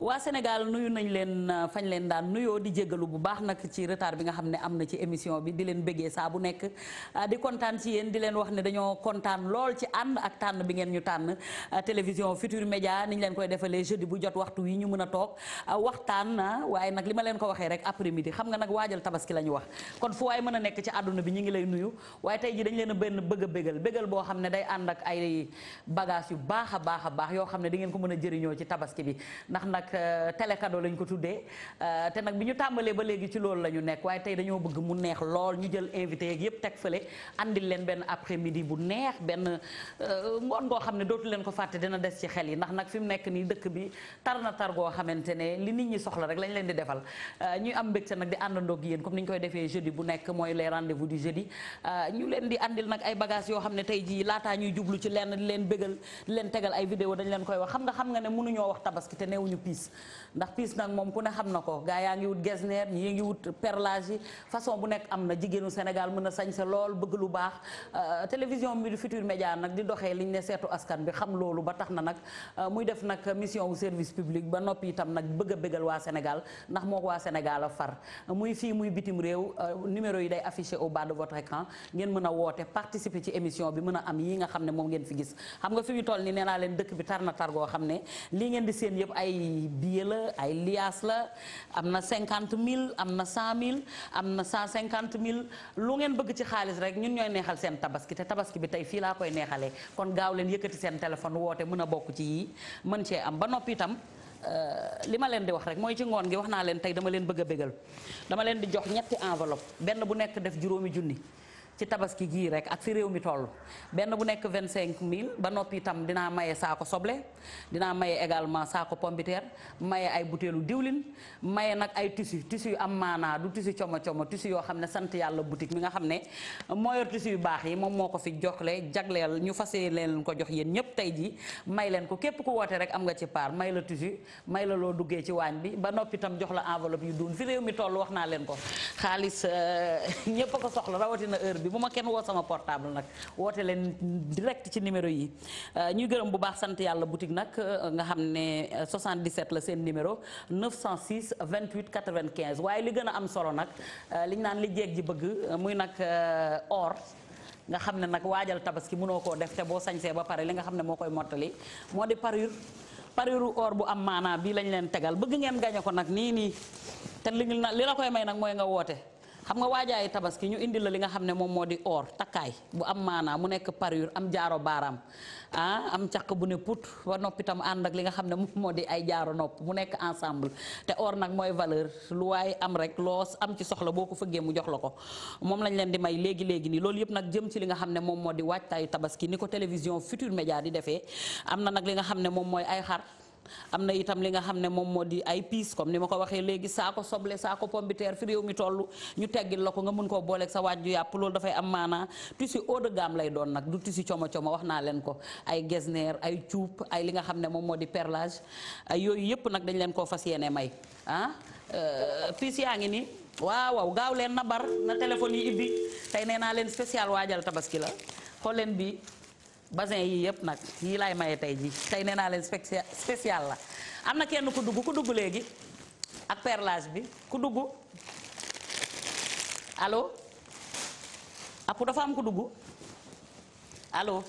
waa Sénégal nuyu nañ leen euh, fañ leen daan nuyoo di jégalu bu baax nag ci retard bi nga xam ne am na ci émission bi di leen bëggee saa bu nekk euh, di kontaan ci yéen di leen wax ne dañoo kontaan lool ci ànd ak tànn bi ngeen ñu tànn euh, télévision Futur Média ni leen koy defalee jeudi bu jot waxtu wi ñu mën a toog waxtaan waaye nag li ma leen ko waxee rek après midi xam nga nag waajal tabaski la ñu wax kon fu waay mën a nekk ci àdduna bi ñu ngi lay nuyu waaye tey ji dañ leen a benn bëgg a bégal bégal boo xam ne day ànd ak ay bagage yu baax a baax a baax yoo xam ne di ngeen ko mën a jëriñoo ci tabaski bi nag euh, télé ko tuddee euh, te nag bi ñu tàmbalee ba léegi ci loolu la ñu nekk waaye tey dañoo bëgg mu neex lool ñu jël invité yeeg yëpp teg fële andil leen benn après midi bu neex benn euh, ngoon goo xam ne dootu leen ko fàtte dina des ci xel yi ndax nag fi mu nekk nii dëkk bi tar na tar goo xamante ne li nit ñi soxla rek lañ leen di defal ñuy am mbégte nag di àndandoo ak yéen comme ni ñu koy defee jeudi bu nekk mooy les rendez-vous du ñu leen di andil ay bagages yoo xam ne tey jii laataa ñuy jublu ci lenn di leen bégal di leen tegal ay vidéo dañ leen koy piis ndax piis nag moom ku ne xam na ko gaa yaa ngi wut gesner ñi ngi wut perlage façon bu nekk am na jigéenu Sénégal mën a sañse lool bëgg lu baax euh, télévision bi du Futur Média nag di doxee liñ ne seetu askan bi xam loolu ba tax na nag euh, muy def nag mission wu service public ba noppi itam nag bëgg a bëggal waa Sénégal ndax moo waa Sénégal a far muy fii muy bitim réew euh, numéro yi day affiché au bas de votre écran ngeen mën a woote participer ci émission bi mën am yi nga ne moom ngeen fi gis ay la ay liaas la am na cinquante mille am na cent mille am na cent cinquante mille lu ngeen bëgg ci xaalis rek ñun ñooy neexal seen tabaski te tabaski bi tey fii laa koy neexalee kon gaaw leen yëkkati seen téléphone woote mun a bokk ci yii mën cee am ba noppi itam euh, li ma leen di wax rek mooy ci ngoon gi wax naa leen tey dama leen bëgg a bégal dama leen di jox ñetti enveloppe benn bu nekk def juróomi junni ci tabaski gii rek ak fi réew mi toll benn bu nekk vingt cinq mille ba noppi tam dinaa maye saako soble dinaa maye également saako pombiteer maye ay butéelu diwlin maye nag ay tissu tissu yu am maanaa du tissu como como tissu yoo xam ne sant yàlla boutique mi nga xam ne moo yor tissu yu baax yi moom moo ko fi joxle jagleel ñu fas leen ko jox yéen ñëpp tey jii may leen ko képp ku woote rek am nga ci part may la tissu may la loo duggee ci waañ bi ba noppi itam jox la enveloppe yu duun fi toll wax naa leen ko euh, bi bu ma kenn woo sama portable nag woote leen direct ci numéro yi euh, ñuy gërëm bu baax sant yàlla boutique nag euh, nga xam ne 77 euh, la seen numéro 906 28 95 waaye li gën a am solo nag liñ naan li jeeg ji bëgg muy nag or nga xam ne nag waajal tabaski mënoo koo def te boo sañsee ba pare li nga xam ne moo koy mottali moo di parure parure or bu am maanaa bii lañ leen tegal bëgg ngeen gañe ko nag nii nii te li li la koy may nag mooy nga woote xam nga waajaay tabaski ñu indi la li nga xam ne moom moo di oor takkaay bu am maanaa mu nekk parure am jaaro baaraam ah am caq bu ne put ba noppi tam ànd ak li nga xam ne moom moo di ay jaaro nopp mu nekk ensemble te or nag mooy valeur lu am rek loo am ci soxla boo ko fëggee mu jox la ko moom lañ leen di may léegi léegi nii loolu yëpp nag jëm ci li nga xam ne moom moo di waajtaayu tabaski ni ko télévision Futur Média di defee am na nag li nga xam ne moom mooy ay xar am na itam li nga xam ne moom moo di ay piis comme ni ma ko waxee léegi saako soble saako pombiteer fi réew mi toll ñu teggil la ko nga mun koo booleeg sa waaj ju yàpp loolu dafay am maanaa tissu haut de gamme lay doon nag du tissu como como wax naa leen ko ay gesner ay cuub ay li nga xam ne moom moo di perlage ay yooyu yëpp nag dañ leen koo fas yéene may ah euh, piis yaa ngi nii waaw gaaw leen na bar na téléphone yi ibbi tey nee naa leen spécial waajal tabaski la basin yii yëpp nag yii laay maye tey ji tey nee naa leen spécial la am na kenn ku dugg ku dugg léegi ak perlage bi ku dugg allo apu dafa am ku dugg allo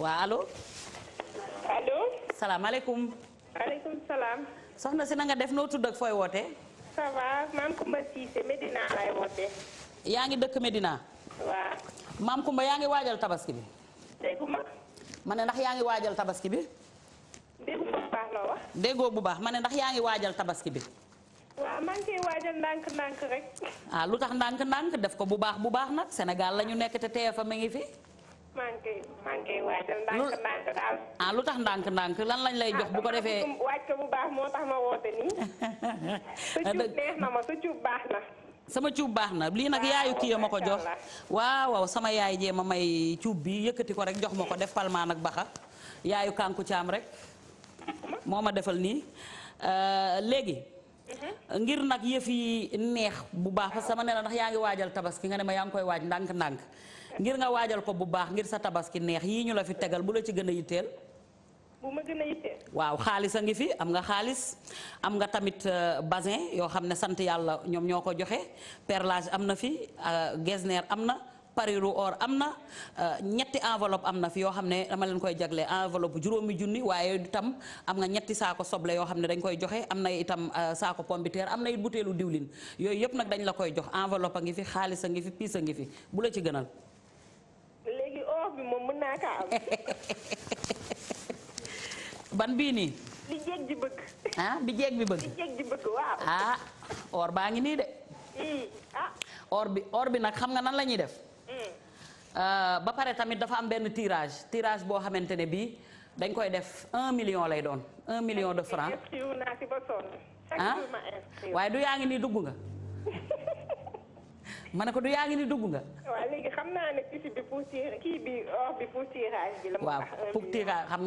waa allo allo salaamaaleykum maaleykum salaam soxna si na nga def noo tudd ak fooy wootee ça maam Kumba Cissé Medina laay wootee yaa ngi dëkk Medina waaw maam Kumba yaa ngi waajal tabaski bi dégguma. ma ne ndax yaa ngi waajal tabaski bi. déggu bu déggoo bu baax ma ne ndax yaa ngi waajal tabaski bi. waaw maa waajal ndànk-ndànk rek. ah lu tax ndànk-ndànk def ko bu baax bu baax nag Sénégal la ñu nekk te TFM mi ngi fi. Ah, lu tax ndànk-ndànk lan lañ lay jox bu ko ah, defee. waaj ko bu baax moo tax ma woote nii. su cuub baax na. sama cuub baax na lii nag yaayu kii ma ko jox waaw waaw sama yaay jee ma may cuub bi yëkkati ko rek jox ma ko def palmaan ak baxa yaayu kànku caam rek moo ma defal nii euh, léegi mhm. ngir nag yëf yi neex bu baax parce que sama nee ndax yaa ngi waajal tabaski nga ne ma yaa ngi koy waaj ndànk-ndànk ngir nga waajal ko bu baax ngir sa tabaski neex yii ñu la fi tegal bu la ci gën a yitteel bu waaw xaalis a ngi fi am nga xaalis am nga tamit euh, basin yoo xam ne sant yàlla ñoom ñoo ko joxe perlage am na fi euh, gesner am na pariru or am na euh, ñetti enveloppe am na fi yoo xam ne dama leen koy jagle enveloppe juróomi junni waaye itam am nga ñetti saako soble yoo xam ne dañ koy joxe am na itam saako pombiteer am na it butéelu diwlin yooyu yëpp nag dañ la koy jox enveloppe ngi fi xaalis a ngi fi piis a ngi fi bu la ci gënal. léegi or bi moom mën naa kaa am. ban bii nii. bi jeeg ji bëgg. ah bi jeeg bi bëgg. ah or baa ngi nii de. ah. or bi or bi nag xam nga nan la ñuy def. Ah, ba pare tamit dafa am benn tirage tirage boo xamante ne bii dañ koy def un million lay doon un million de francs. ah waaye du yaa ngi nii dugg nga. ma ne ko du yaa ngi ni dugg nga. waaw léegi xam naa ne tissu bi poussière oh,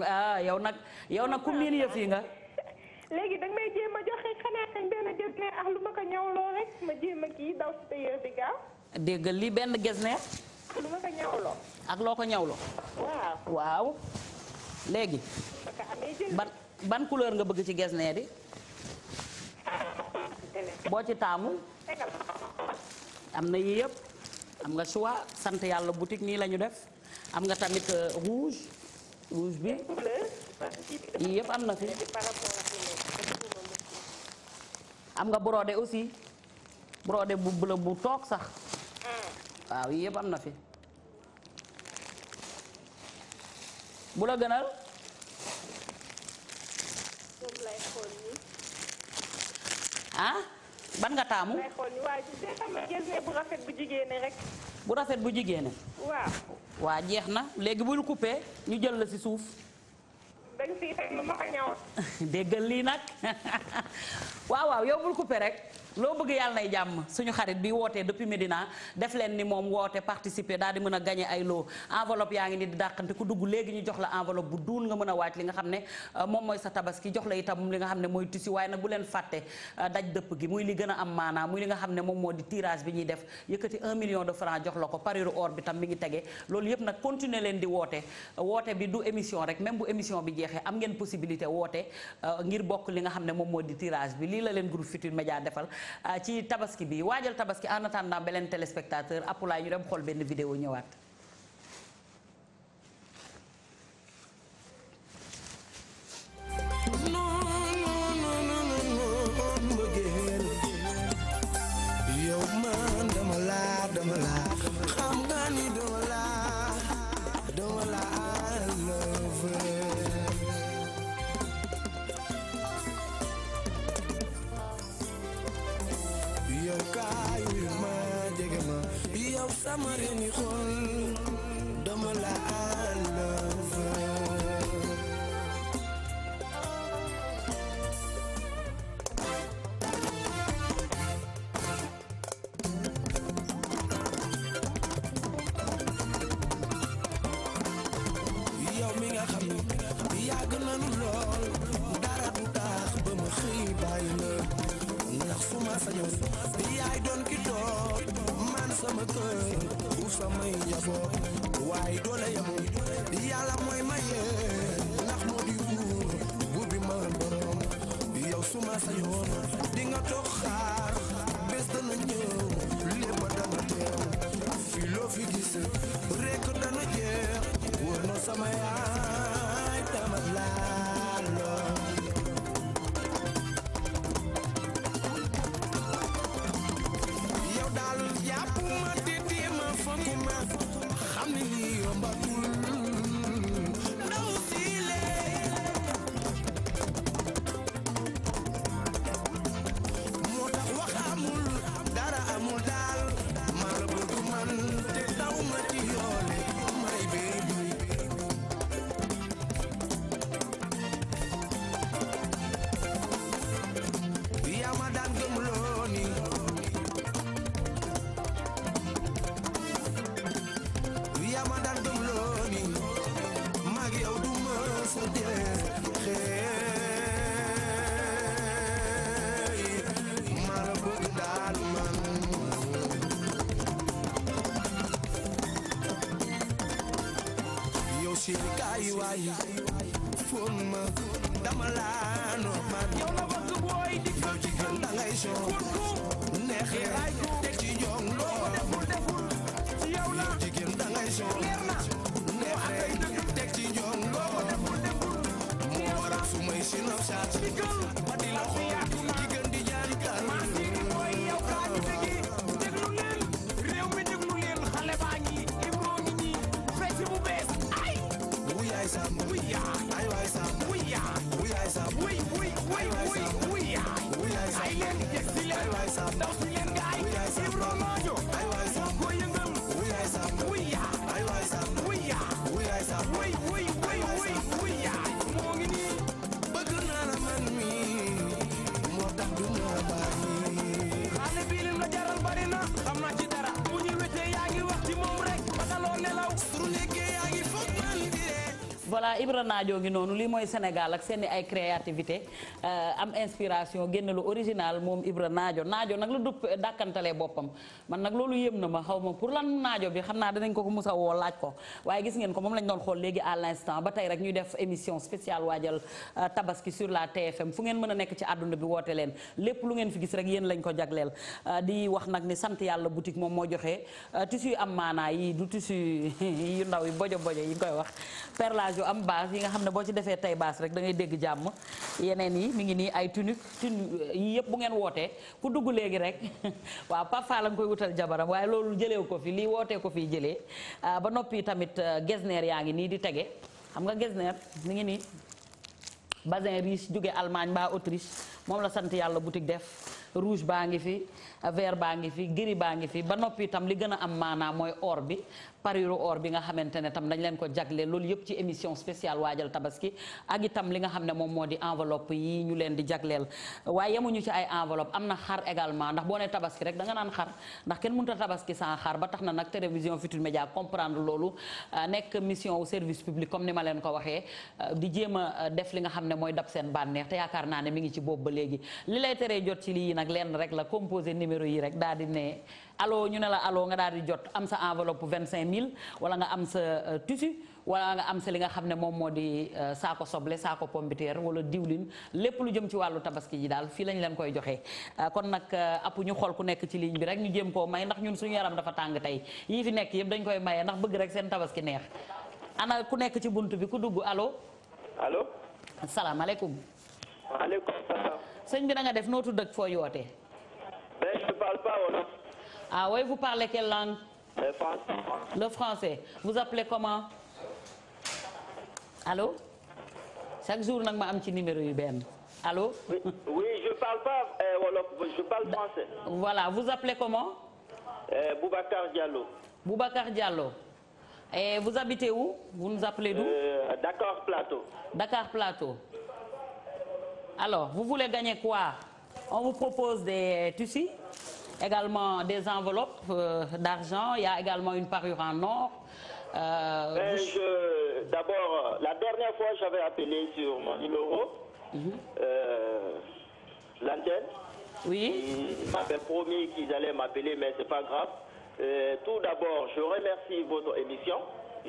ah, yow nag yow nag ku miin yëf yi nga. léegi danga jéem ah, ma ko ñawloo rek ma li benn gesner. Ah, lu ma ak loo ko ñawloo. waaw léegi. ban ban couleur nga bëgg ci gesner bi. boo ci taamu. am na yii yëpp am nga choix sant yàlla butik nii lañu def am nga tamit euh, rouge rouge bi yii yëpp am na fi am nga brodé aussi brodé bu bleu bu toog sax waaw yii yëpp am na fi bu la gënal ah ban nga taamu. bu rafet bu jigéenee rek. bu rafet bu jigéen. waaw. waa jeex na léegi bu ñu coupé ñu jël la si suuf. déggal lii nag. waaw waaw yow bul coupé rek loo bëgg yàlla nay jàmm suñu xarit bi wootee depuis médina def leen ni moom woote participer daal di mën a gagné ay loo enveloppe yaa ngi ni di dàqante ku dugg léegi ñu jox la enveloppe bu duun nga mën a waaj li nga xam ne euh, moom mooy sa tabaski jox la itam li nga xam ne mooy tissu waaye nag bu leen fàtte euh, daj dëpp gi muy li gën a am muy li nga xam ne moom moo di tirage bi ñuy def yëkkati 1 million de francs jox la ko pariru or bi tam mi ngi tege loolu yëpp nag continuer leen di woote woote bi du émission rek même bu émission bi jeexee am ngeen possibilité woote euh, ngir bokk li nga xam ne moom moo di tirage lii la leen groupe Futurs Médias defal euh, ci tabaski bi waajal tabaski en attendant beneen téléspectateur apulaay ñu dem xool benn vidéo ñëwaat yow man dama laa dama laa xam nga ni yaa ma reeni xool ay leen waa Ibra Naajo ngi noonu lii mooy Sénégal ak seen ay créativité euh, am inspiration génn lu original moom Ibra Naajo Naajo nag la dupp euh, dàkkantalee boppam man nag loolu yëm na ma xaw ma pour lan Naajo bi xam naa danañ ko ko musa woo laaj ko waaye gis ngeen ko moom lañ doon xool léegi à l'instant ba tey rek ñuy def émission spéciale waajal euh, tabaski sur la TFM fu ngeen mën a nekk ci àdduna bi woote leen lépp lu ngeen fi gis rek yéen lañ ko jagleel di wax nag ni sant yàlla boutique moom moo joxe tissu am maanaa yi du yu ndaw yi bojo bojo yi koy wax perlage yu am base yi nga xam ne boo ci defee tay base rek da ngay dégg jàmm yeneen yi mu ngi nii ay tunique tunique yi yëpp bu ngeen wootee ku dugg léegi rek waaw parfois la nga koy wutal jabaram waaye loolu jëlee ko fi lii wootee ko fii jëlee ah, ba noppi tamit ah, gesner yaa ngi nii di tege xam nga gesner mi ngi nii bazin riche jóge Allemagne mbaa Autriche moom la sant yàlla boutique def rouge baa ngi fi vert baa ngi fi gris baa ngi fi ba noppi itam li gën a am maanaam mooy or bi parure or bi nga xamante ne tam dañ leen ko jagleel loolu yëpp ci émission spéciale waajal tabaski ak itam li nga xam ne moom moo di enveloppe yi ñu leen di jagleel waaye yemuñu ci ay enveloppe am na xar également ndax boo ne tabaski rek da nga naan xar ndax kenn mënut a tabaski sans xar ba tax na nag télévision Futurs Médias comprendre loolu euh, nekk mission au service public comme ni ma leen ko waxee euh, di jéem euh, def li nga xam ne mooy dab seen bànneex naa ne ngi ci boobu léegi li lay teree jot ci lii nag lenn rek la composé numéro yi rek daal di ne allo ñu ne la allo nga daal di jot am sa enveloppe vingt cinq mille wala nga am sa euh, tissu wala nga am sa li nga xam ne moom moo di euh, saako soble saako pombiteer wala diwlin lépp lu jëm ci wàllu tabaski ji daal fii lañ leen koy joxee euh, kon nag app ñu xool ku nekk ci ligne bi rek ñu jëm koo may ndax ñun suñu yaram dafa tàng tey yii fi nekk yëpp dañ koy maye ndax bëgg rek seen tabaski neex ana ku nekk ci bunt bi ku dugg allo. allo. waaleykum salaam. sëñ bi na nga def noo tudd ak foo yootee. mais je parle pas ah oui vous parlez quelle langue. le français. le français vous appelez comment. allô. chaque jour nag ma am ci numéro yu benn allô. oui oui je parle pas euh, wolof je parle français. voilà vous appelez comment. Euh, Boubacar Diallo. Boubacar Diallo. Et vous habitez où? Vous nous appelez d'où? Euh, Dakar Plateau. Dakar Plateau. alors vous voulez gagner quoi on vous propose des tissus également des enveloppes euh, d'argent il y a également une parure en or. Euh, euh, d'abord la dernière fois j'avais appelé sur mon numéro. Mm -hmm. l'antenne. Oui. Ils m'avaient qu'ils allaient m'appeler, mais c'est pas grave. tout d'abord, je remercie votre émission.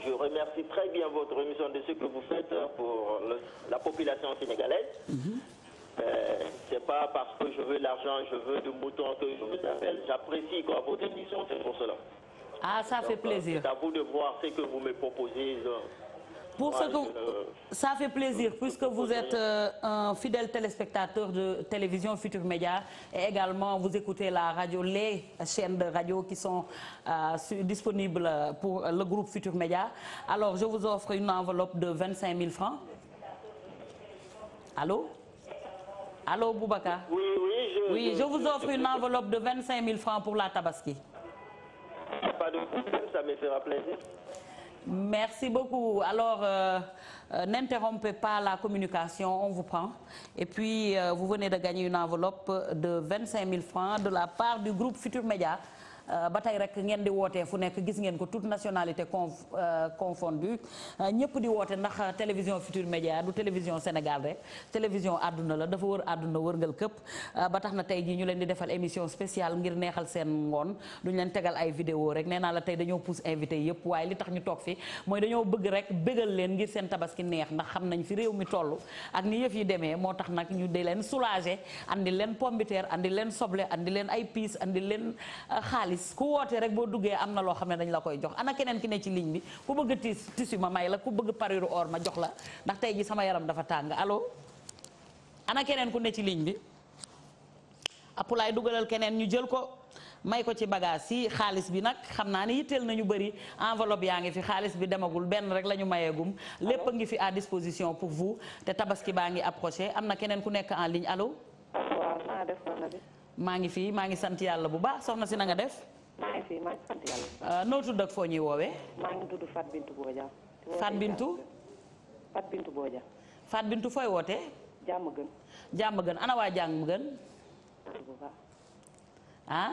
Je remercie très bien votre émission de ce que vous faites pour la population sénégalaise. Mhm. Euh, c'est pas parce que je veux de moutons que ah, euh, vous appelle. Ah, ce que vous me proposez. Euh, pour ce que je... ça fait vous êtes euh, un fidèle téléspectateur de télévision Futur Média et également vous écoutez la radio les chaînes de radio qui sont disponibles pour le groupe Futur Média. Alors je vous offre une enveloppe de 25 000 francs. Allô? Allô Boubacar. Oui, oui, je, oui, je, je pour la Tabaski. Pas de problème, ça me fera euh, euh, la communication, on vous prend. Et euh, de gagner une enveloppe de 25 la part du groupe Futur Média. Euh, ba tey rek ngeen di wootee fu nekk gis ngeen ko toute nationalité con euh, confondue euh, ñëpp di woote ndax télévision Futur Média du télévision Sénégal rek télévision àdduna la dafa wër àdduna wërngal këpp ba tax na tey jii ñu leen di defal émission spéciale ngir neexal seen ngoon duñ leen tegal ay vidéo rek nee naa la tey dañoo pousse invité yëpp waaye li tax ñu toog fi mooy dañoo bëgg rek bëggal leen ngir seen tabaski neex ndax xam nañ fi réew mi toll ak ni yëf yi demee moo tax nag ñu di leen soulager andi leen pombiteer andi leen soble andi leen ay piis andi leen xaalis xaalis ku wootee rek boo duggee am na loo xam ne dañ la koy jox ana keneen ki ne ci ligne bi ku bëgg tis tissu ma may la ku bëgg parure or ma jox la ndax tey ji sama yaram dafa tàng allo ana keneen ku ne ci ligne bi apulaay dugalal keneen ñu jël ko may ko ci bagage yi xaalis bi nag xam naa ni yitteel nañu bëri enveloppe yaa ngi fi xaalis bi demagul benn rek la ñu mayeegum lépp a ngi fi à disposition pour te tabaski baa ngi approché am na keneen ku nekk en ligne allo. waaw naa def maa ngi fii maa ngi sant yàlla bu baax soxna si na nga def. maa fii maa ngi sant ah, noo tudd ak foo ñuy woowee. maa ngi tudd Fat Bintu Boja. Fat Bintu. Fat Bintu Boja. Fat Bintu fooy woote jàmm gën. jàmm gën ana waa jàmm gën. ah.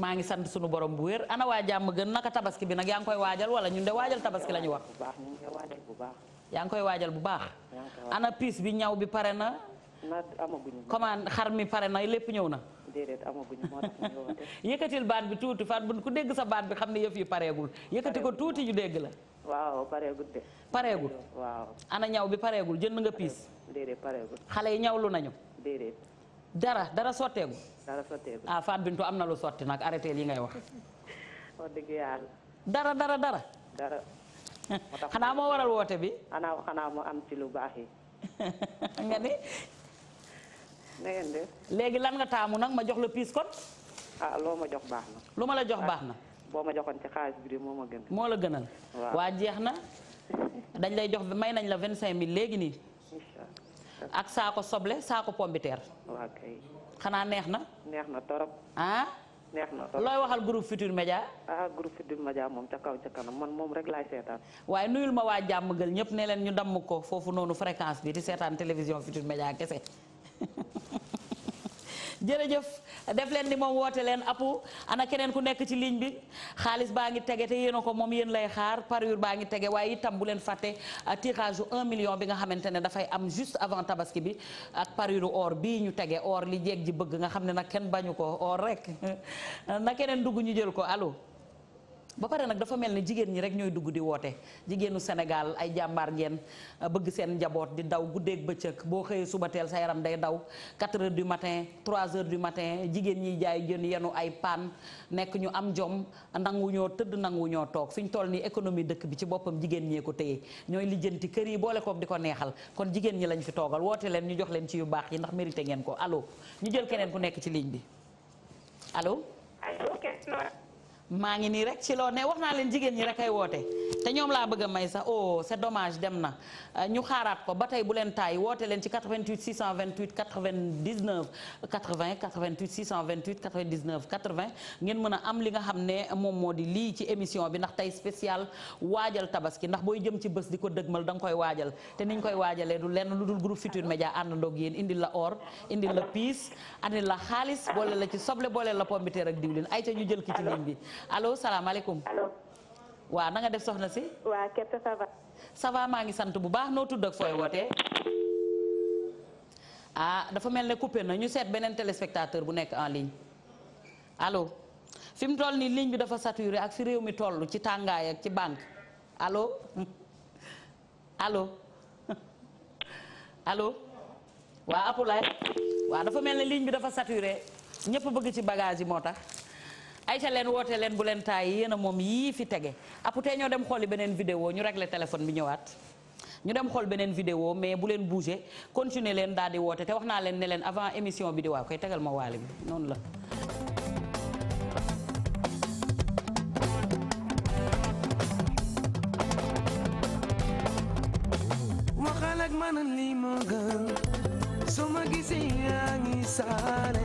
maa ngi sant sunu borom bu wér ana waa jàmm gën naka tabaski bi nag yaa ngi koy waajal wala ñun de waajal tabaski la ñu wax. bu baax ñu yaa ngi koy waajal bu baax. ana piis bi ñaw bi pare na. na amaguñu. commande xar mi pare na lépp ñëw na. déedéet amaguñu moo tax ñu yëkkatil baat bi tuuti Fatou bu ku dégg sa baat bi xam ne yëf yi pareegul. yëkkati ko tuuti ñu dégg la. waaw pareegul de. pareegul ana ñaw bi pareegul jënd nga piis. déedéet pareegul. xale yi ñawlu nañu. déedéet. dara dara sotteegu. dara sotteegu ah Fatou Bintou am na lu sotti nag arrêté li ngay wax. wax dëgg yàlla. dara dara dara. dara. xanaa moo waral woote bi. xanaa xanaa baax yi. nga ni léegi lan nga taamu nag ma jox la piis kon. ah loo ma jox lu ma la jox baax na. boo ma joxoon ci xaalis moo ma gën. moo la gënal. waaw waa jeex na. dañ lay jox may nañ la vingt cinq mille léegi nii. ak saako soble saako pombiteer. waaw kay. xanaa neex na. neex na torop. ah. neex na torop looy waxal groupe Futur Media. ah groupe Futur Media moom ca kaw ca kanam man moom rek laay seetaan. waaye nuyul ma waa jàmm gël ñëpp ne leen ñu damm ko foofu noonu fréquence bi di seetaan télévision Futur Media kese. jërëjëf def leen ni moom woote leen apu ana keneen ku nekk ci ligne bi xaalis baa ngi tege te yéen ko moom yéen lay xaar parure baa ngi tege waaye itam bu leen fàtte euh, tirage u 1 million bi nga xamante ne dafay am juste avant tabaski bi ak parure or bii ñu tege or li jeeg ji bëgg nga xam ne nag kenn bañu ko or rek na keneen dugg ñu jël ko alo ba pare nag dafa mel ni jigéen ñi rek ñooy dugg di woote jigéenu Sénégal ay jàmbaar ngeen bëgg seen njaboot di daw guddeeg bëccëg boo xëyee suba teel sa yaram day daw 4 heures du matin 3 heures du matin jigéen ñi jaay jën yenu ay paan nekk ñu am jom nangu ñoo tëdd nangu ñoo toog fi ñu toll nii économie dëkk bi ci boppam jigéen ñee ko téye ñooy lijjanti kër yi boole koog di ko neexal kon jigéen ñi lañ fi toogal woote leen ñu jox leen ci yu baax yi ndax mérité ngeen ko allo ñu jël keneen ku nekk ci ligne bi maa ngi nii rek ci loo ne wax naa leen jigéen ñi rek ay woote te ñoom laa bëgg a may sax oh c'est dommage dem na euh, ñu xaaraat ko ba tey bu leen taay woote leen ci 88 628 99 80 88 628 99 80 ngeen mën a am li nga xam ne moom moo di lii ci émission bi ndax tey spécial waajal tabaski ndax booy jëm ci bés di ko dëgmal da nga koy waajal te niñ koy waajalee du lenn lu dul groupe Futurs Médias àndandoog yéen indil la or indil la piis andil la xaalis boole la ci soble boole la pombiteer ak diwlin ay ca ñu jël ki ci ligne bi allo salaamaaleykum. allo. waaw na nga def soxna si. waaw képp ça va. ça maa ngi sant bu baax noo tudd ak fooy wootee. ah dafa mel ne coupé na ñu seet beneen téléspectateur bu nekk en ligne allo fi mu toll nii ligne bi dafa saturé ak fi réew mi toll ci tàngaay ak ci banque allo allo allo waa Apulaay waa dafa mel ni ligne bi dafa saturé ñëpp bëgg ci bagage yi moo tax. ayca leen woote leen bu leen taay yéen a moom yii fi tege aputee ñoo dem xooli beneen vidéo ñu régler téléphone bi ñëwaat ñu dem xool beneen vidéo mais bu leen bouger continuer leen daal di woote te wax naa leen ne leen avant émission bi di waaw koy tegal ma waale bi noonu la man li su ma gisee yaa ngi saale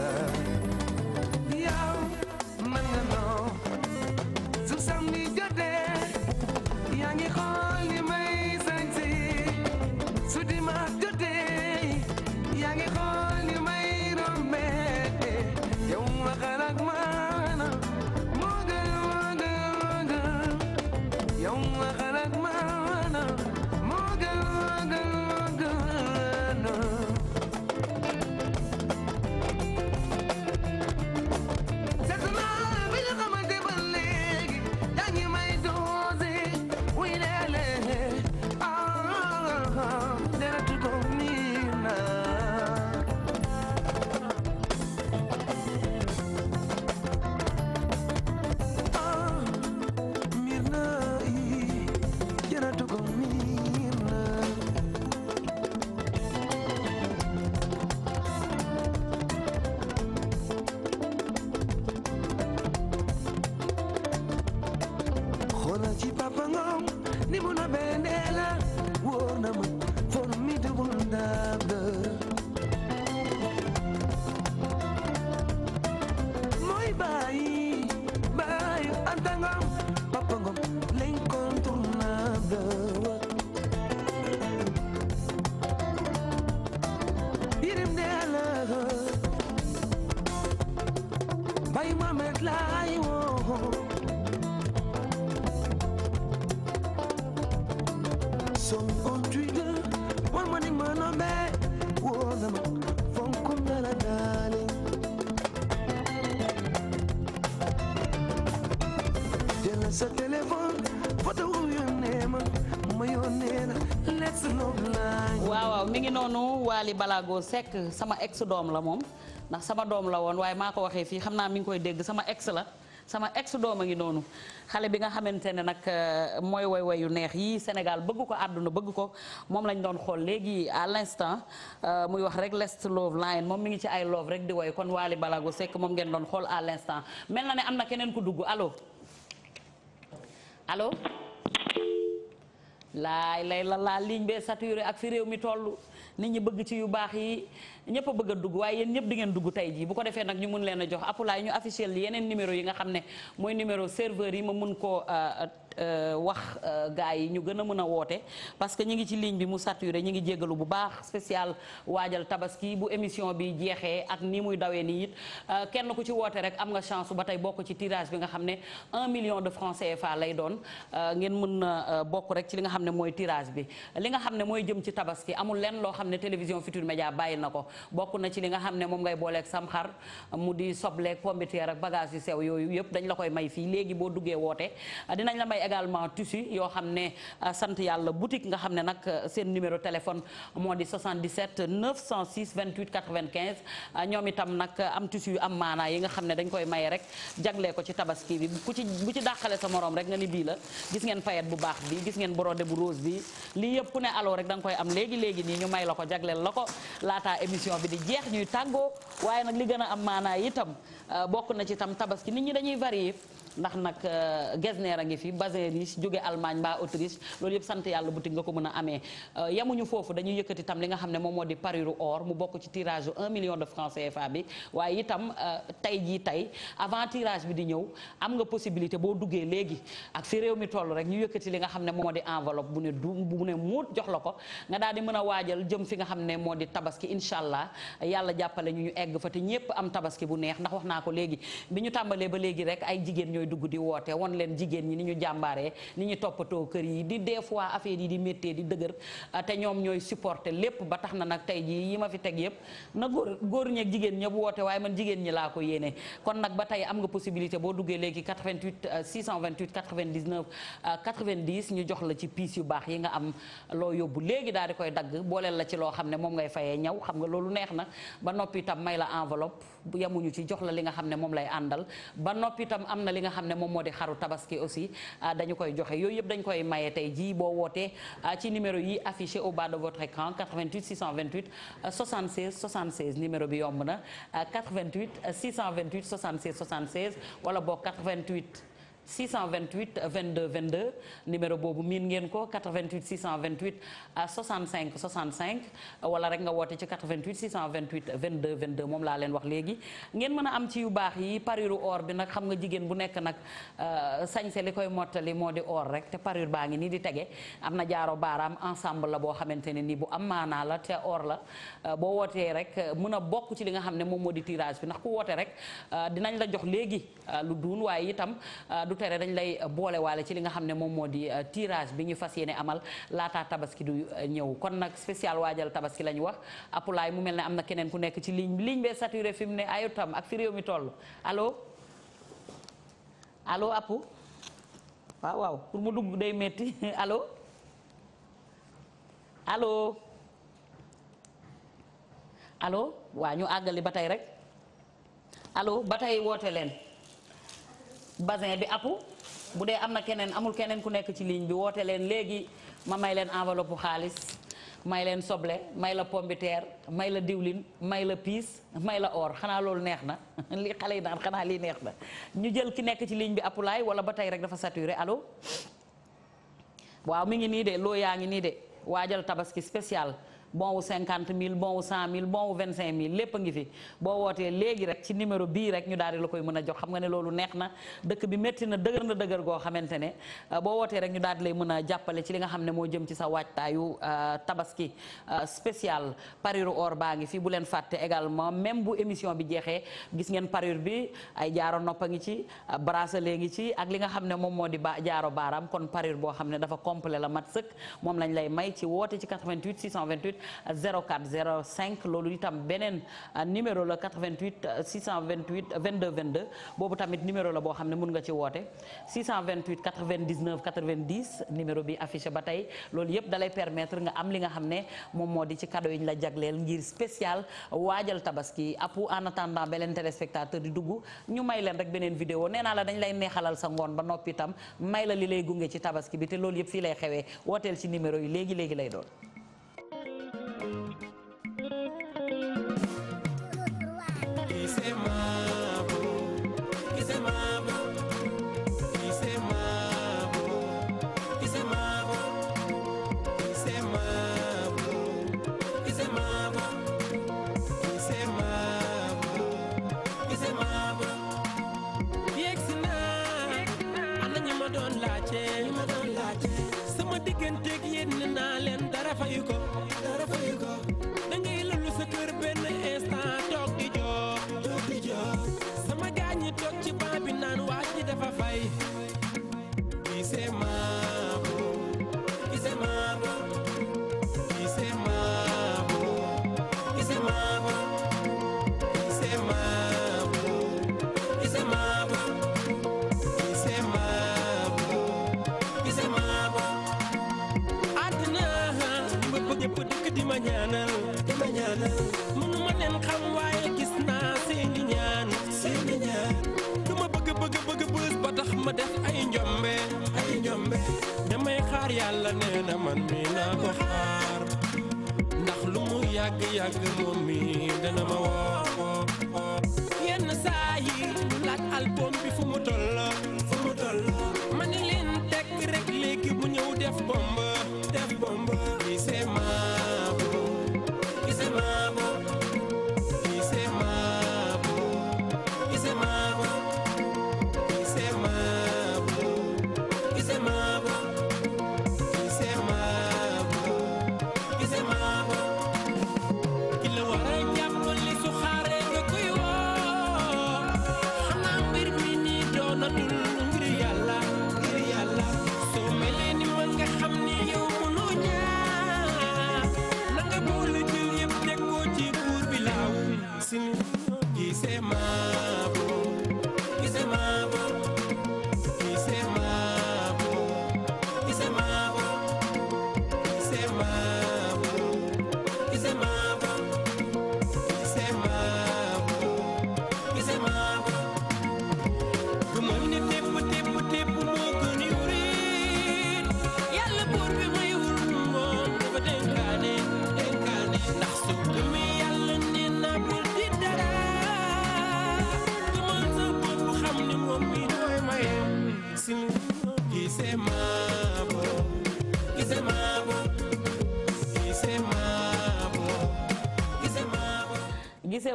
Balago Seck sama ex doom la moom ndax sama doom la woon waaye maa ko waxee fii xam naa mi koy dégg sama ex la sama ex doom a ngi noonu xale bi nga xamante ne nag euh, mooy way way yu neex yii Sénégal bëgg ko àdduna bëgg ko moom lañ doon xool léegi à l'instant euh, muy wax rek lest love line moom mi ngi ci ay love rek di way kon Waly Balago sekk moom ngeen doon xool à l'instant mel na ne am na keneen ku dugg allo allo laay lay la laa bee saturé ak fi nit ñi bëgg ci yu baax yi ñëpp a bëgg a dugg waaye yéen ñëpp di ngeen dugg tey jii bu ko defee nag ñu mun leen a jox apulaay ñu officiel yeneen numéro yi nga xam ne mooy numéro serveur yi ma mun koo euh, Euh, wax euh, gars yi ñu gën a mën a woote parce que ñu ngi ci ligne bi mu saturé ñu ngi jéggalu bu baax spécial waajal tabaski bu émission bi jeexee ak ni muy dawee nii it euh, kenn ku ci woote rek am nga chance ba tey bokk ci tirage bi nga xam ne 1 million de francs CFA lay doon ngeen mën a bokk ci li nga xam ne mooy tirage bi li nga xam ne mooy jëm ci tabaski amul lenn loo xam ne télévision Futurs Médias bàyyi na ko bokk na ci li xam ne moom ngay booleek sam xar mu di sobleeg pombiteer ak bagage yu sew yooyu yëpp dañ la koy may fii léegi boo duggee woote dinañ la may également tissu yoo xam ne euh, sant yàlla boutique nga xam ne nag euh, seen numéro téléphone moo di 77 906 28 95 ñoom itam nag am tissu am maanaa yi nga xam ne dañ koy maye rek jaglee ko ci tabaski bi ku ci bu ci dàqale sa morom rek nga ni bii la gis ngeen fayet bu baax bi gis ngeen brodé bu rose bi lii yëpp ku ne aloo rek da nga koy am léegi léegi nii ñu may la ko jagleel la ko laataa émission bi di jeex ñuy tàggoo a am maanaa euh, na ci tam tabaski nit ñi dañuy varier ndax nag euh, Getzner a ngi fi basin riche jóge Allemagne mbaa Autriche loolu yëpp sant yàlla boutique nga ko mën a amee euh, yemuñu foofu dañuy yëkkati tam li nga xam ne moom moo di parure or mu bokk ci tirage yu 1 million euh, tey jii tey avant tirage bi di ñëw am nga possibilité boo duggee léegi ak fi réew mi toll rek ñu yëkkati li nga xam ne moo di enveloppe bu ne du bu ne muut jox la ko nga daal di mën a waajal jëm fi nga xam ne moo di tabaski incha allah yàlla jàppale ñu ñu egg fa te ñëpp am tabaski bu neex ndax wax naa ko léegi bi ñu tàmbalee ba léegi rek ay jigéen ñooy dugg di woote won leen jigéen ñi ni ñu jàmbaaree ni ñu toppatoo kër yi di des fois affaire yi di méttee di dëgër te ñoom ñooy supporter lépp ba tax na nag tey jii yi ma fi teg yëpp nag góor góor ñeeg jigéen ñëpp woote waaye man jigéen ñi laa ko yéene kon nag ba tey am nga possibilité boo duggee léegi 88 628 99 90 ñu jox la ci piis yu baax yi nga am loo yóbbu léegi daal di koy dagg booleel la ci loo xam ne moom ngay fayee ñaw xam nga loolu neex na ba noppi itam may la enveloppe yamuñu ci jox la li nga xam ne moom lay àndal xam ne moom moo di xaru tabaski aussi ah, dañu koy joxe yooyu yëpp dañ koy maye tey jii boo wootee ah, ci numéro yi affiché au bas de votre écran 88 628 76 76 numéro bi yomb na 88 628 76 76 wala boog 88 628 22 22 numéro boobu miin ngeen ko 88 628 65 65 wala rek nga woote ci vingt 88 628 22 22 moom laa leen wax léegi ngeen mën a am ci yu baax yi parure or bi nag xam nga jigéen bu nekk nag euh, sañse li koy mottali moo di or rek te parure baa ngi nii di tege am na jaaro baaraam ensemble la boo xamante ne nii bu am maanaa la te or la euh, boo wootee rek euh, mën a bokk ci li nga xam ne moom moo di tirage bi ndax ku woote rek dinañ la jox léegi lu duun itam du tere dañ lay boolewaale ci li nga xam ne moom moo di euh, tirage bi ñu fas yéene amal laataa tabaski du euh, ñëw kon nag spécial waajal tabaski la wax apulaay mu mel ne am na keneen ku nekk ci ligne ligne bee saturé fi mu ne ayu tam ak fi réew mi toll allo allo apu waaw waaw pour mu dugg day metti allo allo allo waa ñu àggali ba tey rek allo ba woote leen basin bi apu bu dee am na keneen amul keneen ku nekk ci ligne bi woote leen léegi ma may leen enveloppe xaalis may leen soble may la bi pombiteer may la diwlin may la piis may la or xanaa loolu neex na li xale yi naan xanaa lii neex na ñu jël ki nekk ci ligne bi apulaay wala ba tey rek dafa saturé allo waaw mu ngi nii de loo yaa ngi nii de waajal tabaski spécial bon wu cinquante mille bon wu cent mille bon wu vingt cinq mille lépp a ngi fi boo wootee léegi rek ci numéro bii rek ñu daal di la koy mën a jox xam nga ne loolu neex na dëkk bi métti na dëgër na dëgër goo xamante ne euh, boo wootee rek ñu daal di mën a jàppale ci li nga xam ne moo jëm ci sa waajtaayu euh, tabaski euh, spécial parure or baa ngi fi bu leen fàtte également même bu émission bi jeexee gis ngeen parure bi ay jaaro nopp ngi ci bracelet ngi ci ak nga xam ne moom moo di ba jaaro baaraam kon parure boo xam ne dafa complet la mat sëkk moom lañ lay may ci woote ci 88 628 04 05 loolu itam beneen euh, numéro la 88 628 vingt 22 boobu tamit numéro la boo xam ne mun nga ci woote 628 99 90 numéro bi affiché ba tey loolu yëpp dalay permettre nga am li nga xam ne moom moo di ci cadeau yi la jagleel ngir spécial waajal tabaski apu en attendant beneen téléspectateur di dugg ñu may leen rek beneen vidéo nee naa la dañ lay neexalal sa ngoon ba noppi itam may la li lay gunge ci tabaski bi te loolu yëpp fii lay xewee wooteel numéro yi léegi léegi lay doon Bye.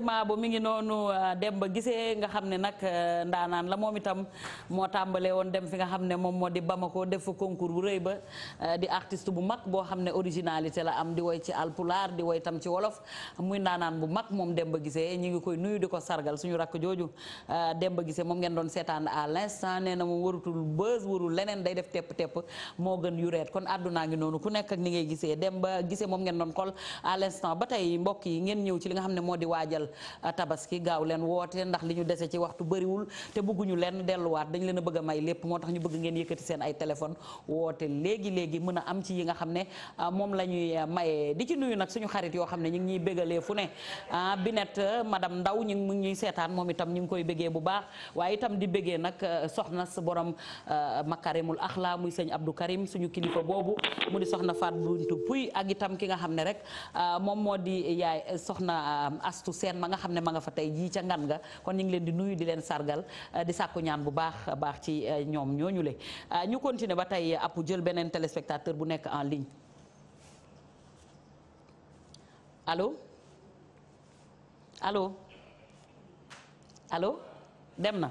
maa ba mi ngi noonu euh, Demba Gisee nga xam ne nag euh, ndaanaan la moom itam moo tàmbalee woon dem fi nga xam ne moom moo di Bamako def fa concours bu rëy ba euh, di artist bu mag boo xam ne originalité la am di woy ci alpulaar di woy tam ci wolof muy naan bu mag moom Demba Guissé ñu ngi koy nuyu di ko sargal suñu rakk jooju euh, Demba Guissé moom ngeen doon seetaan à l'instant nee na moom warutul bës warul leneen day def tepp tepp moo gën yureet kon àddunaa ngi noonu ku nekk ni ngay gisee Demba Guissé moom ngeen doon xool à l'instant ba tey mbokk yi ngeen ñëw ci li nga xam ne moo di waajal euh, tabaski gaaw leen woote ndax li ñu dese ci waxtu bëriwul te bëgguñu leen delluwaat dañ leen a bëgg a may lépp moo tax ñu bëgg ngeen yëkkati seen ay léegi léegi mën a am ci yi nga xam ne ah, moom la ñuy ah, mayee di ci nuyu nag suñu xarit yoo xam ne ñu ngi ñuy bégalee fu ne ah Binette madame Ndaw ñu ngi ñuy seetaan moom itam ñu ngi koy bégee bu baax waaye di bégee nag ah, soxna su borom makarimul axla muy sëñ Abdou Karim suñu kilifa boobu mu di soxna Faat Buntu Puy ak itam ki nga xam ne rek moom moo di yaay soxna astu seen ma nga xam ne ma nga fa tey jii ca ngan nga kon ñu leen di nuyu di leen sargal di sàkku bu baax baax a baax ci euh, ñoom ñooñu le euh, ñu continuer ba tey app jël beneen téléspectateur bu nekk en ligne allo allo allo dem na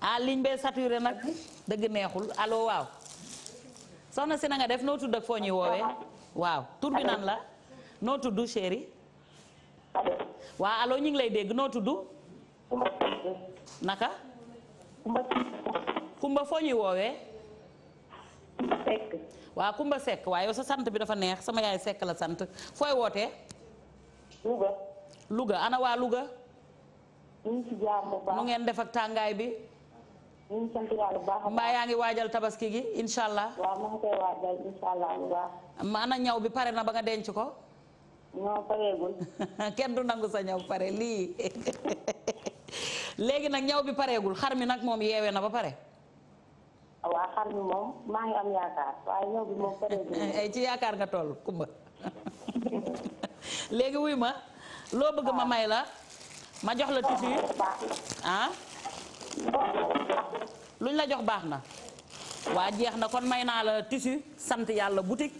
ah ligne bee saturé nag dëgg neexul allo waaw soxna si na def noo tudd ak foo ñuy woowee waaw tur la noo tudd chéri waaw allo ñu ngi lay dégg noo tudd naka kumba foo ñuy woowee waaw kumba sekk waaye sa sant bi dafa neex sama yaay sekk la sant fooy wootee Louga Louga ana waa Louga nu ngeen def ak tàngaay bi mbaa yaa ngi waajal tabaski gi insha ma ana ñaw bi pare na ba nga denc ko kenn du nangu sa ñaw pare lii léegi nag ñaw bi pareegul xar mi nag moom yeewe na ba pare. waaw xar mi moom yaakaar ci yaakaar nga toll kumba léegi wuy ma. loo bëgg ma may la. ma jox la tuuti ah. luñ la jox baax na. waa jeex na kon may naa la tissu sant yàlla boutique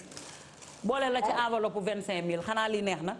boole la ci enveloppe vingt cinq mille xanaa lii neex na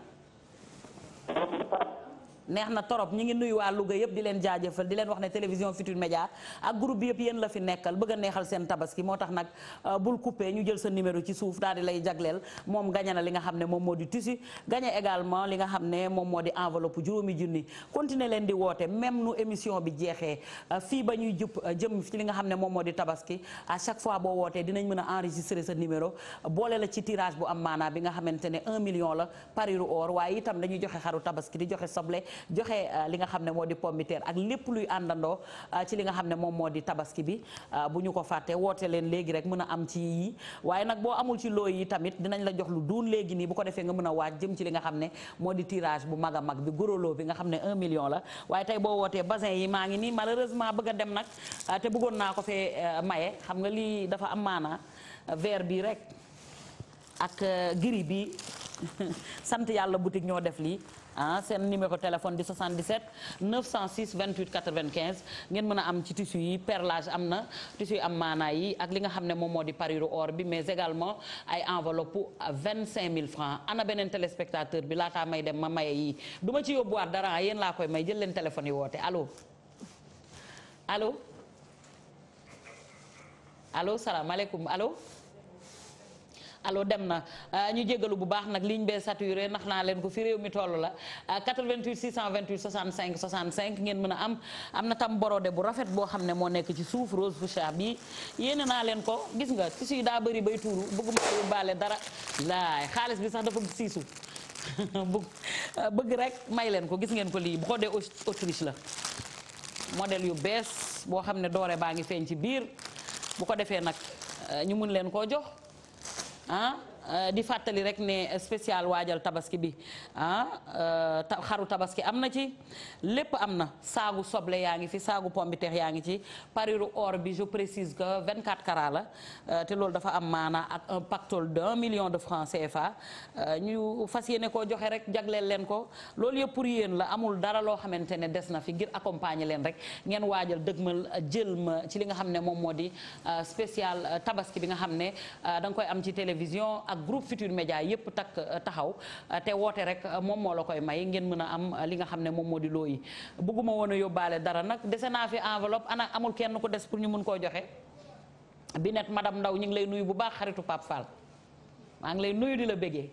neex na torop ñi ngi nuyu waa Louga di leen jaajëfal di leen wax ne télévision Futurs Médias ak groupe bi yëpp la fi nekkal bëgg a neexal seen tabaski moo tax nag euh, bul coupé ñu jël sa numéro ci suuf daal di lay jagleel moom gañe na li nga xam ne moom moo di tissu gañe également li nga xam ne moom moo di enveloppe juróomi junni continuer leen di woote même nu émission bi jeexee euh, fii ba ñuy jub euh, jëm ci li nga xam ne moom moo di tabaski à chaque fois boo wootee dinañ mën a enregistrer sa numéro boole ci tirage bu am maanaa bi nga xamante ne 1 la pariru or waaye itam dañuy joxe xaru tabaski di joxe soble joxe euh, li nga xam ne moo di pommiteer ak lépp luy àndandoo euh, ci li nga xam ne moom moo di tabaski bi euh, bu ñu ko fàtte woote leen léegi rek mën a am ci yi waaye nag boo amul ci looy yi tamit dinañ la jox lu duun léegi nii bu ko defee nga mën a waaj jëm ci li nga xam ne moo di tirage bu mag a mag bi goroloo bi nga xam ne 1 million la waaye tey boo wootee basin yi maa ngi nii malheureusement bëgg a dem nag te bëggoon naa ko fee maye xam nga lii dafa am maanaa verre bi rek ak giri bi sant yàlla boutique ñoo def lii ah seen numéro téléphone di 77 906 28 95 ngeen mën a am ci tissu yi perlage am na tissu yi am maanaa yi ak li nga xam ne moom moo di parure or bi mais également ay enveloppe vingt cinq mille francs ana beneen téléspectateur bi laataa may dem ma maye yi duma ma ci yóbbuwaat dara yéen laa koy may jël leen téléphone yi woote allo allo allo salaamaaleykum allo allo dem na ah, ñu jégalu bu baax nag ligne bee saturé nax naa leen ko fi réew mi toll la 88 628 65 65 ngeen mën a am am na tam borode bu rafet boo xam ne moo nekk ci suuf rose foucha bi yéene naa leen ko gis nga tissu yi daa bëri bay tuuru bëgguma ko yóbbaale dara laay xaalis bi sax dafa siisu ah, bëgg rek may leen ko gis ngeen ko lii bu ko xodee autriche la modèle yu bees boo xam ne doore baa ngi feeñ ci biir bu ko defee nag ah, ñu mun leen koo jox ah Euh, di fàttali rek ne spécial waajal tabaski bi ah euh, xaru tabaski am na ci lépp am na saagu soble yaa ngi fi saagu pombiteex yaa ngi ci pariru or bi je précise que 24 carats la euh, te loolu dafa am maanaa ak un pactole de 1 million de francs CFA ñu fas yéene koo joxe rek jagleel leen ko loolu yëpp pour yéen la amul dara loo xamante ne des na fi ngir accompagner leen rek ngeen waajal dëgmal jël ma ci li nga xam ne moom moo di spécial tabaski bi nga xam ne da nga koy am ci télévision ak groupe Futur Média yépp takk euh, taxaw euh, te woote rek euh, moom moo la koy may ngeen mën a am li nga xam ne moom moo di loo yi bëgguma woon a yóbbaale dara nag dese naa fi enveloppe ana amul kenn ku des pour ñu mën koo joxe bi net madame Ndaw ñu ngi lay nuyu bu baax xaritu Pape Fall maa ngi lay nuyu di la bëggee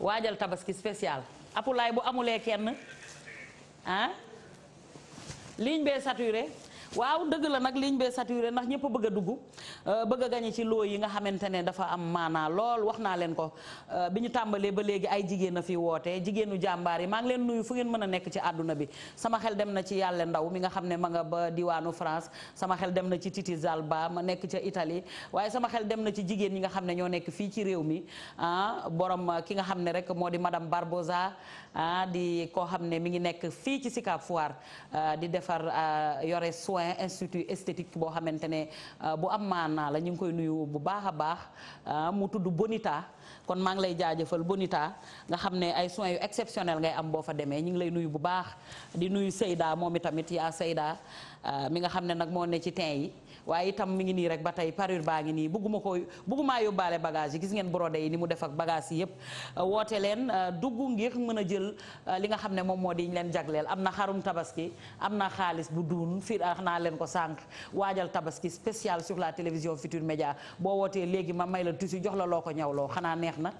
waajal tabaski spécial apulaay bu amulee kenn ah ligne bee saturé waaw dëgg la nag ligne bee saturé ndax ñëpp bëgg a dugg euh, bëgg a gañe ci loo yi nga xamante ne dafa am maanaa lool wax naa leen ko euh, bi ñu tàmbalee ba léegi ay jigéen a fi woote jigéenu jàmbaar yi maa ngi leen nuyu fu ngeen mën a nekk ci àdduna bi sama xel dem na ci yàlla ndaw mi nga xam ne ma nga ba diwaanu France sama xel dem na ci Titi Zalba ma nekk ca itali waaye sama xel dem na ci jigéen ñi nga xam ne ñoo nekk fii ci réew mi ah, borom euh, ki nga xam ne rek moo di madame Barbosa ah, di koo xam ne mi ngi nekk fii ci Sicap Foire di defar yore soin doyen institut esthétique boo xamante ne euh, bu am maanaa la ñu ngi koy nuyu bu baax a baax euh, mu tudd Bonita kon maa ngi lay jaajëfal Bonita nga xam ne ay soins yu exceptionnel ngay am boo fa demee ñu ngi lay nuyu bu baax di nuyu Seyda moom itamit yaa Seyda euh, mi nga xam ne nag moo ne ci teen yi waaye itam mu ngi nii rek ba tey parure baa ngi nii bugguma ko buggumaa yóbbaale bagage yi gis ngeen brodé yi ni mu def ak bagage yi yëpp woote leen dugg ngir mën a jël li nga xam ne moom moo di ñu leen jagleel am na xarum tabaski am na xaalis bu duun fii wax naa leen ko sànq waajal tabaski spécial sur la télévision Futur Média boo wootee léegi ma may la tissu jox la ko ñawloo xanaa neex na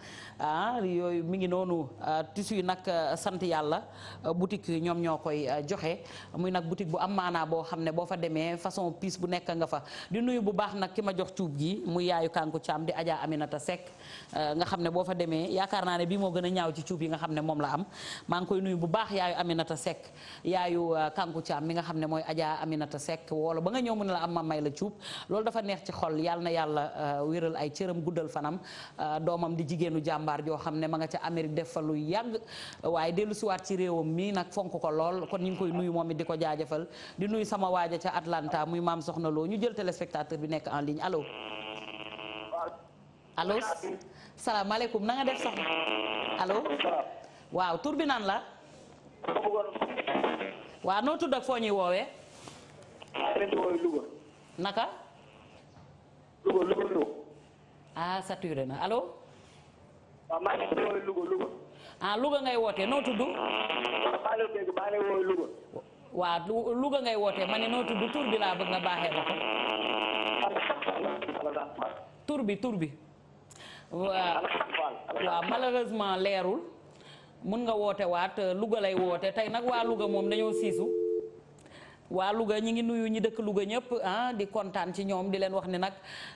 ah yooyu mi ngi noonu ah, tissu yi nag ah, sant yàlla ah, boutique ñoom ñoo koy joxe muy nag boutique bu am maanaa boo xam ne boo fa demee façon pièce bu nekk nga fa fa di nuyu bu baax nag ki ma jox cuub gi muy yaayu kànku caam di Adja Aminata Seck eh, nga xam ne boo fa demee yaakaar naa ne bii moo gën a ñaaw ci cuub yi nga xam ne moom la am maa ngi koy nuyu bu baax yaayu Aminata Seck yaayu eh, kànku caam mi nga xam ne mooy Adja Aminata Seck woola ba nga ñëw mu ne la am ma may la cuub lool dafa neex ci xol yàlla na yàlla eh, wéral ay cëram guddal fanam doomam di jigéenu jàmbaar joo xam ne ma nga ca Amérique def fa lu yàgg waaye dellu siwaat ci réewam mi nag fonk ko lool kon ñu ngi koy nuyu moom it di ko jaajëfal di nuyu jël téléspectateur bi nekk en ligne allo. allo salaamaaleykum na nga def soxna allo. waaw tur la. waa noo tudd ak foo ñuy woowee. naka. ah saturé na allo. ah Louga ngay wootee noo tudd. waa Louga ngay wootee ma ne noo tudd tur bi laa bëgg nga baaxee ma tur bi tur bi waa waaw malheureusement leerul mun nga woote waat Louga lay woote tey nag waa Louga moom dañoo siisu waa Louga ñi ngi nuyu ñi dëkk Louga ñëpp ah di kontaan ci ñoom di leen wax ne nag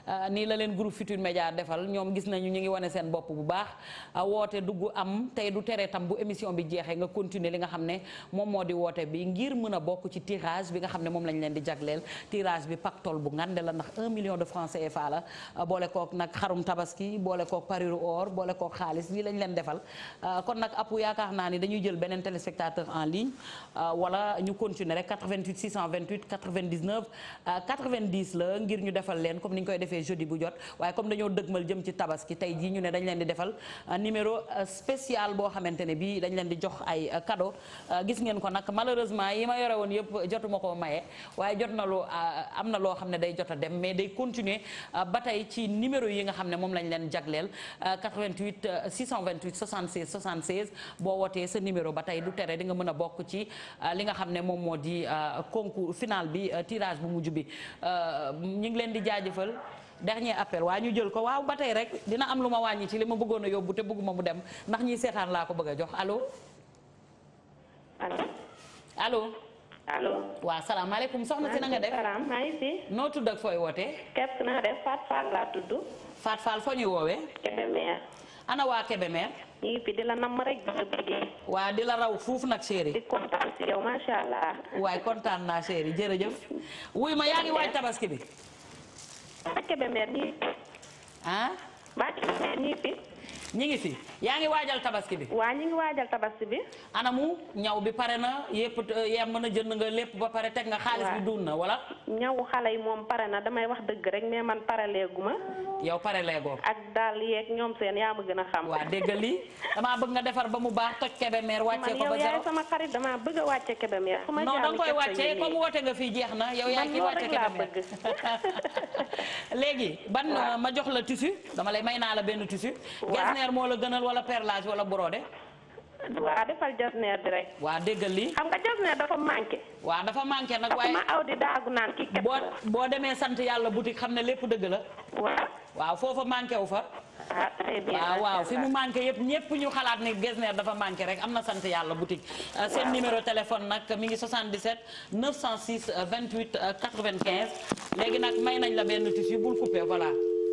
ah, nii la leen groupe Futurs Médias defal ñoom gis nañu ñu ngi wane seen bopp bu baax ah, woote dugg am tey du tere tam bu émission bi jeexee nga continuer li nga xam ne moom moo di woote bi ngir mën a bokk ci tirage bi nga xam ne moom lañ leen di jagleel tirage bi pactole bu ngande la ndax 1 million de francs CFA la ah, boole kook nag xarum tabaski boole kook pariru or boole kook xaalis lii lañ leen defal kon nag apu yaakaar naa ni dañuy jël beneen téléspectateur en ligne wala ñu continuer rek 628 99 90 la ngir ñu defal leen comme ni ñu koy defee jeudi bu jot waaye comme dañoo dëgmal jëm ci tabaski tey jii ñu ne dañ leen di defal euh, numéro euh, spécial boo xamante ne bii dañ leen di jox ay euh, cadeau gis ngeen ko nag malheureusement yi ma yore woon yëpp jotuma koo maye waaye jot na loo am na loo xam ne day jot a dem mais day continuer ba tey ci numéro yi nga xam ne moom lañ leen jagleel 88 628 76 76 boo wootee sa numéro ba tey du tere di nga mën a bokk ci li nga xam ne moom moo di concours final bi euh, tirage bu mujj bi euh, ñu ngi leen di jaajëfal dernier appel waa ñu jël ko waaw ba tey rek dina am lu ma wàññi ci li ma bëggoon a yóbbu te bëgguma mu dem ndax ñiy seetaan laa ko bëgg a jox allo. alo allo waaw salaamaaleykum soxna si na nga def noo tudd ak fooy wootee kepp na def Fat Fall laa tudd Fat Fall foo ñuy woowee Kébémer ana waa Kébémer ñu ngi fi di la namm rek di la bëggee. raw fuuf nag chéri. di kontaan si yow macha allah. waay kontaan naa chéri jërëjëf. wuy ma yaa ngi tabaski bi. Kébémer ñii fi. ah. Kébémer ñii fi. ñi ngi fi yaa ngi waajal tabaski bi. waa ñi ngi waajal tabaski bi. anamu ñaw bi pare na yépp yem a jënd nga lépp ba pare teg nga. xaalis bi duun na wala. ñaw xale yi moom pare na damay wax dëgg rek mais man pare leegu ma. yow pare leegoo. ak daal yeeg ñoom seen yaa gën a xam. dégg lii damaa bëgg nga defar ba mu baax toj Kébémer wàccee ko ba zéro man yow yaay sama xarit damaa bëgg a wàcce Kébémer. fu ma jaam koy wàccee comme woote nga fii jeex na yow yaa ngi wàcce Kébémer léegi ban ma jox la tissu dama lay may naa la benn tissu jasneer moo la gënal wala perlage wala brodé. waa defal jasneer bi rek. waa déggal li xam nga jasneer dafa manqué. waa dafa manqué nag waaye ma aw di daagu naan boo boo demee sant yàlla boutique xam ne lépp dëgg la. waaw waaw foofa manqué wu fa. ah waaw fi mu manqué yëpp ñëpp ñu xalaat ne Getzner dafa manqué rek am na sant yàlla boutique euh, seen numéro téléphone nag mi ngi 77 906 28 95 léegi nag may nañ la benn tissu bul coupé voilà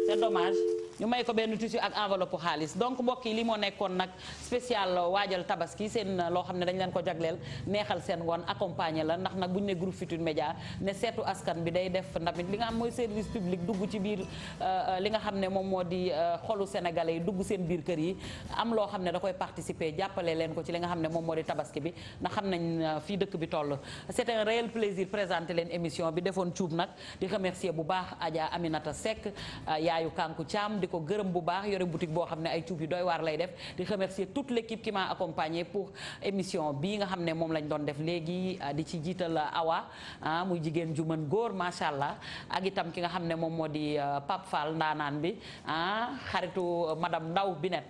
c'est dommage. ñu may ko benn tissu ak enveloppe xaalis donc mbokk yi li moo nekkoon nag spécial waajal tabaski seen loo xam ne dañ leen ko jagleel neexal seen ngoon accompagner la ndax nag bu ne groupe Futurs Médias ne seetu askan bi day def ndamit li nga xam mooy service public dugg ci biir euh, li nga xam ne moom moo di euh, xolu sénégalais yi dugg seen biir kër yi am loo xam ne da koy participer jàppale leen ko ci li nga xam ne moom moo di tabaski bi ndax xam nañ euh, fii dëkk bi toll c'est un réel plaisir présenter leen émission bi defoon cuub nag di remercier bu baax Adja Aminata Seck yaayu Kanku Thiam di ko gërëm bu baax yore boutique boo xam ne ay cuub yu doy waar lay def di remercier toute l'équipe qui m'a accompagné pour émission bii nga xam ne moom lañ doon def léegi ah, di ci jiital Awa ah muy jigéen ju mën góor macha allah ak itam ki nga xam ne moom moo di ah, Pape Fall ndaanaan bi ah xaritu ah, madame Ndaw Binet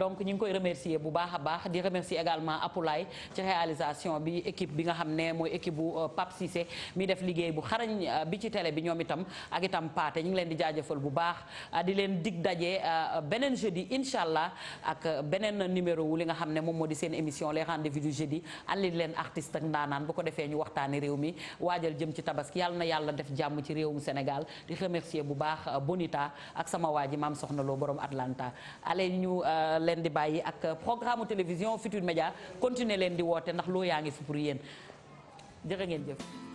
donc ñu ngi koy remercier bu baax a baax di remercier également Apoulaye ci réalisation bi équipe bi nga xam ne mooy équipe bu euh, Pape Cissé mi def liggéey bu xarañ bi ci télé bi ñoom itam dig daje euh, beneen jeudi incha allah ak beneen numéro wu li nga xam ne moom moo di seen émission les rendez-vous du jeudi àndi leen artiste ak ndaanaan bu ko defee ñu waxtaanee réew mi waajal jëm ci tabaski yàlla na yàlla def jàmm ci réewum Sénégal di remercier bu baax euh, Bonita ak sama waa ji maam soxna loo borom Atlanta ale ñu euh, leen di bàyyi ak programme télévision Futur Média continuer leen di woote ndax loo yaa ngi fi pour yéen jërë ngeen jëf